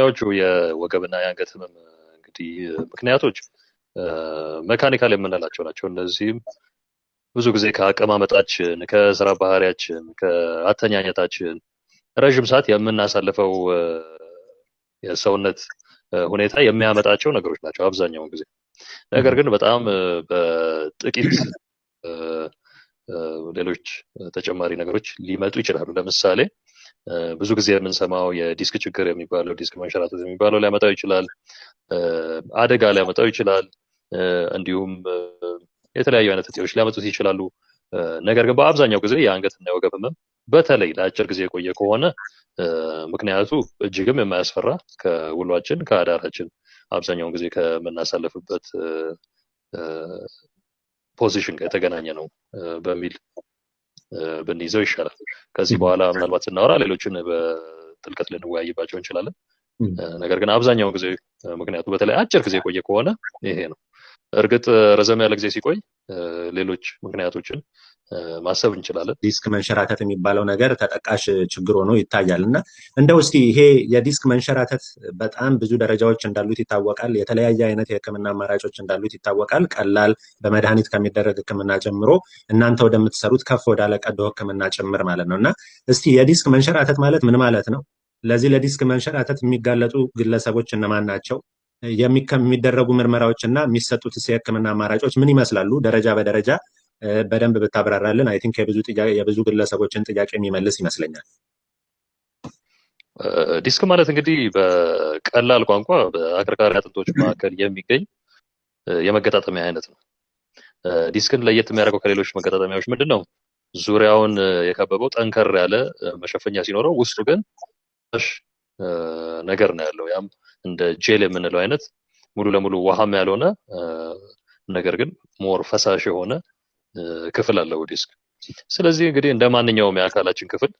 ያዎቹ የወገብና የአንገት ህመም እንግዲህ ምክንያቶች መካኒካል የምንላቸው ናቸው። እነዚህም ብዙ ጊዜ ከአቀማመጣችን፣ ከስራ ባህሪያችን፣ ከአተኛኘታችን ረዥም ሰዓት የምናሳልፈው የሰውነት ሁኔታ የሚያመጣቸው ነገሮች ናቸው አብዛኛውን ጊዜ። ነገር ግን በጣም በጥቂት ሌሎች ተጨማሪ ነገሮች ሊመጡ ይችላሉ። ለምሳሌ ብዙ ጊዜ የምንሰማው የዲስክ ችግር የሚባለው ዲስክ መንሸራተት የሚባለው ሊያመጣው ይችላል። አደጋ ሊያመጣው ይችላል። እንዲሁም የተለያዩ አይነት እጤዎች ሊያመጡት ይችላሉ። ነገር ግን በአብዛኛው ጊዜ የአንገትና የወገብ ህመም በተለይ ለአጭር ጊዜ የቆየ ከሆነ ምክንያቱ እጅግም የማያስፈራ ከውሏችን ከአዳራችን አብዛኛውን ጊዜ ከምናሳልፍበት ፖዚሽን ጋር የተገናኘ ነው በሚል ብንይዘው ይሻላል። ከዚህ በኋላ ምናልባት ስናወራ ሌሎችን በጥልቀት ልንወያይባቸው እንችላለን። ነገር ግን አብዛኛውን ጊዜ ምክንያቱ በተለይ አጭር ጊዜ ቆየ ከሆነ ይሄ ነው። እርግጥ ረዘም ያለ ጊዜ ሲቆይ ሌሎች ምክንያቶችን ማሰብ እንችላለን። ዲስክ መንሸራተት የሚባለው ነገር ተጠቃሽ ችግር ሆኖ ይታያል እና እንደው እስቲ ይሄ የዲስክ መንሸራተት በጣም ብዙ ደረጃዎች እንዳሉት ይታወቃል። የተለያየ አይነት የህክምና አማራጮች እንዳሉት ይታወቃል። ቀላል በመድኃኒት ከሚደረግ ህክምና ጀምሮ እናንተ ወደምትሰሩት ከፍ ወዳለ ቀዶ ህክምና ጭምር ማለት ነው እና እስቲ የዲስክ መንሸራተት ማለት ምን ማለት ነው? ለዚህ ለዲስክ መንሸራተት የሚጋለጡ ግለሰቦች እነማን ናቸው? የሚደረጉ ምርመራዎች እና የሚሰጡት የህክምና አማራጮች ምን ይመስላሉ? ደረጃ በደረጃ በደንብ ብታብራራልን አይ ቲንክ የብዙ የብዙ ግለሰቦችን ጥያቄ የሚመልስ ይመስለኛል። ዲስክ ማለት እንግዲህ በቀላል ቋንቋ በአከርካሪ አጥንቶች መካከል የሚገኝ የመገጣጠሚያ አይነት ነው። ዲስክን ለየት የሚያደርገው ከሌሎች መገጣጠሚያዎች ምንድን ነው? ዙሪያውን የከበበው ጠንከር ያለ መሸፈኛ ሲኖረው ውስጡ ግን ነገር ነው ያለው። ያም እንደ ጄል የምንለው አይነት ሙሉ ለሙሉ ውሃም ያልሆነ ነገር ግን ሞር ፈሳሽ የሆነ ክፍል አለው ዲስክ። ስለዚህ እንግዲህ እንደ ማንኛውም የአካላችን ክፍል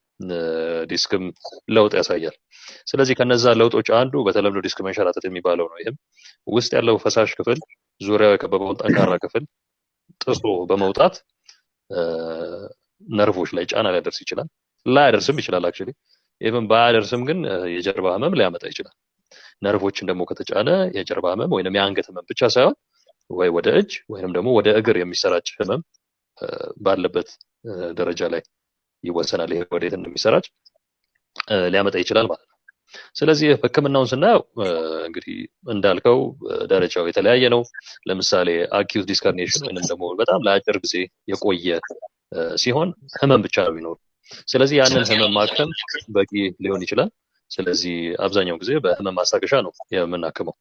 ዲስክም ለውጥ ያሳያል። ስለዚህ ከነዛ ለውጦች አንዱ በተለምዶ ዲስክ መንሸራተት የሚባለው ነው። ይህም ውስጥ ያለው ፈሳሽ ክፍል ዙሪያው የከበበውን ጠንካራ ክፍል ጥሶ በመውጣት ነርቮች ላይ ጫና ሊያደርስ ይችላል። ላያደርስም ይችላል። አክቹዋሊ ኢቭን ባያደርስም ግን የጀርባ ህመም ሊያመጣ ይችላል። ነርቮችን ደግሞ ከተጫነ የጀርባ ህመም ወይም የአንገት ህመም ብቻ ሳይሆን ወይ ወደ እጅ ወይም ደግሞ ወደ እግር የሚሰራጭ ህመም ባለበት ደረጃ ላይ ይወሰናል። ይሄ ወዴት እንደሚሰራጭ ሊያመጣ ይችላል ማለት ነው። ስለዚህ ህክምናውን ስናየው እንግዲህ እንዳልከው ደረጃው የተለያየ ነው። ለምሳሌ አኪዩት ዲስካርኔሽን ወይም ደግሞ በጣም ለአጭር ጊዜ የቆየ ሲሆን ህመም ብቻ ነው የሚኖሩ። ስለዚህ ያንን ህመም ማከም በቂ ሊሆን ይችላል። ስለዚህ አብዛኛው ጊዜ በህመም ማስታገሻ ነው የምናክመው።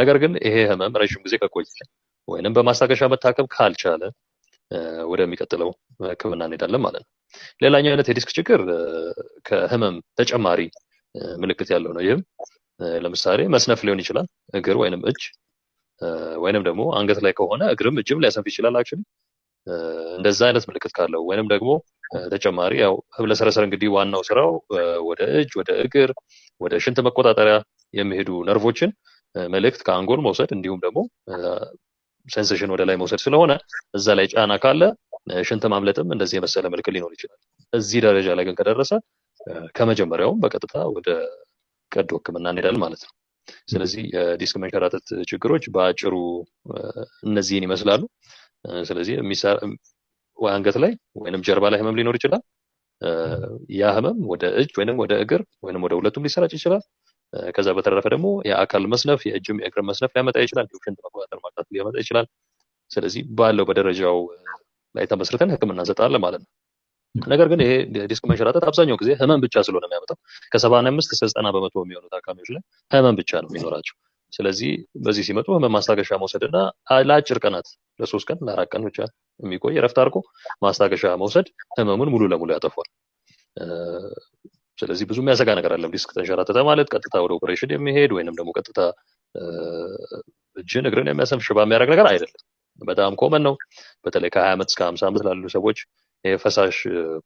ነገር ግን ይሄ ህመም ረዥም ጊዜ ከቆየ ወይንም በማስታገሻ መታከም ካልቻለ ወደሚቀጥለው ህክምና እንሄዳለን ማለት ነው። ሌላኛው አይነት የዲስክ ችግር ከህመም ተጨማሪ ምልክት ያለው ነው። ይህም ለምሳሌ መስነፍ ሊሆን ይችላል እግር ወይንም እጅ ወይንም ደግሞ አንገት ላይ ከሆነ እግርም እጅም ሊያሰንፍ ይችላል። አክቹዋሊ እንደዛ አይነት ምልክት ካለው ወይንም ደግሞ ተጨማሪ ያው ህብለሰረሰር እንግዲህ ዋናው ስራው ወደ እጅ፣ ወደ እግር፣ ወደ ሽንት መቆጣጠሪያ የሚሄዱ ነርቮችን መልእክት ከአንጎል መውሰድ እንዲሁም ደግሞ ሴንሴሽን ወደ ላይ መውሰድ ስለሆነ እዛ ላይ ጫና ካለ ሽንት ማምለጥም እንደዚህ የመሰለ ምልክት ሊኖር ይችላል። እዚህ ደረጃ ላይ ግን ከደረሰ ከመጀመሪያውም በቀጥታ ወደ ቀዶ ህክምና እንሄዳለን ማለት ነው። ስለዚህ የዲስክ መንሸራተት ችግሮች በአጭሩ እነዚህን ይመስላሉ። ስለዚህ አንገት ላይ ወይንም ጀርባ ላይ ህመም ሊኖር ይችላል። ያ ህመም ወደ እጅ ወይንም ወደ እግር ወይንም ወደ ሁለቱም ሊሰራጭ ይችላል። ከዛ በተረፈ ደግሞ የአካል መስነፍ የእጅም የእግር መስነፍ ሊያመጣ ይችላል። ሽንት መቆጣጠር ማጣት ሊያመጣ ይችላል። ስለዚህ ባለው በደረጃው ላይ ተመስርተን ህክምና እንሰጣለን ማለት ነው። ነገር ግን ይሄ ዲስክ መንሸራተት አብዛኛው ጊዜ ህመም ብቻ ስለሆነ የሚያመጣው ከሰባ አምስት እስከ ዘጠና በመቶ የሚሆኑት ታካሚዎች ላይ ህመም ብቻ ነው የሚኖራቸው። ስለዚህ በዚህ ሲመጡ ህመም ማስታገሻ መውሰድና ለአጭር ቀናት ለሶስት ቀን ለአራት ቀን ብቻ የሚቆይ ረፍት አድርጎ ማስታገሻ መውሰድ ህመሙን ሙሉ ለሙሉ ያጠፏል። ስለዚህ ብዙ የሚያሰጋ ነገር አለም። ዲስክ ተንሸራተተ ማለት ቀጥታ ወደ ኦፕሬሽን የሚሄድ ወይንም ደግሞ ቀጥታ እጅን እግርን የሚያሰንፍ ሽባ የሚያደረግ ነገር አይደለም። በጣም ኮመን ነው። በተለይ ከሀያ ዓመት እስከ ሀምሳ ዓመት ላሉ ሰዎች የፈሳሽ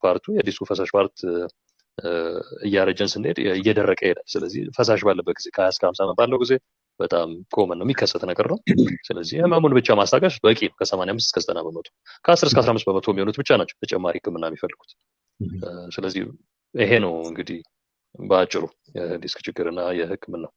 ፓርቱ የዲስኩ ፈሳሽ ፓርት እያረጀን ስንሄድ እየደረቀ ይሄዳል። ስለዚህ ፈሳሽ ባለበት ጊዜ ከሀያ እስከ ሀምሳ ዓመት ባለው ጊዜ በጣም ኮመን ነው የሚከሰት ነገር ነው። ስለዚህ ህመሙን ብቻ ማስታገስ በቂ ነው። ከሰማንያ አምስት እስከ ዘጠና በመቶ ከአስር እስከ አስራ አምስት በመቶ የሚሆኑት ብቻ ናቸው ተጨማሪ ህክምና የሚፈልጉት። ስለዚህ ይሄ ነው እንግዲህ በአጭሩ የዲስክ ችግርና ነው።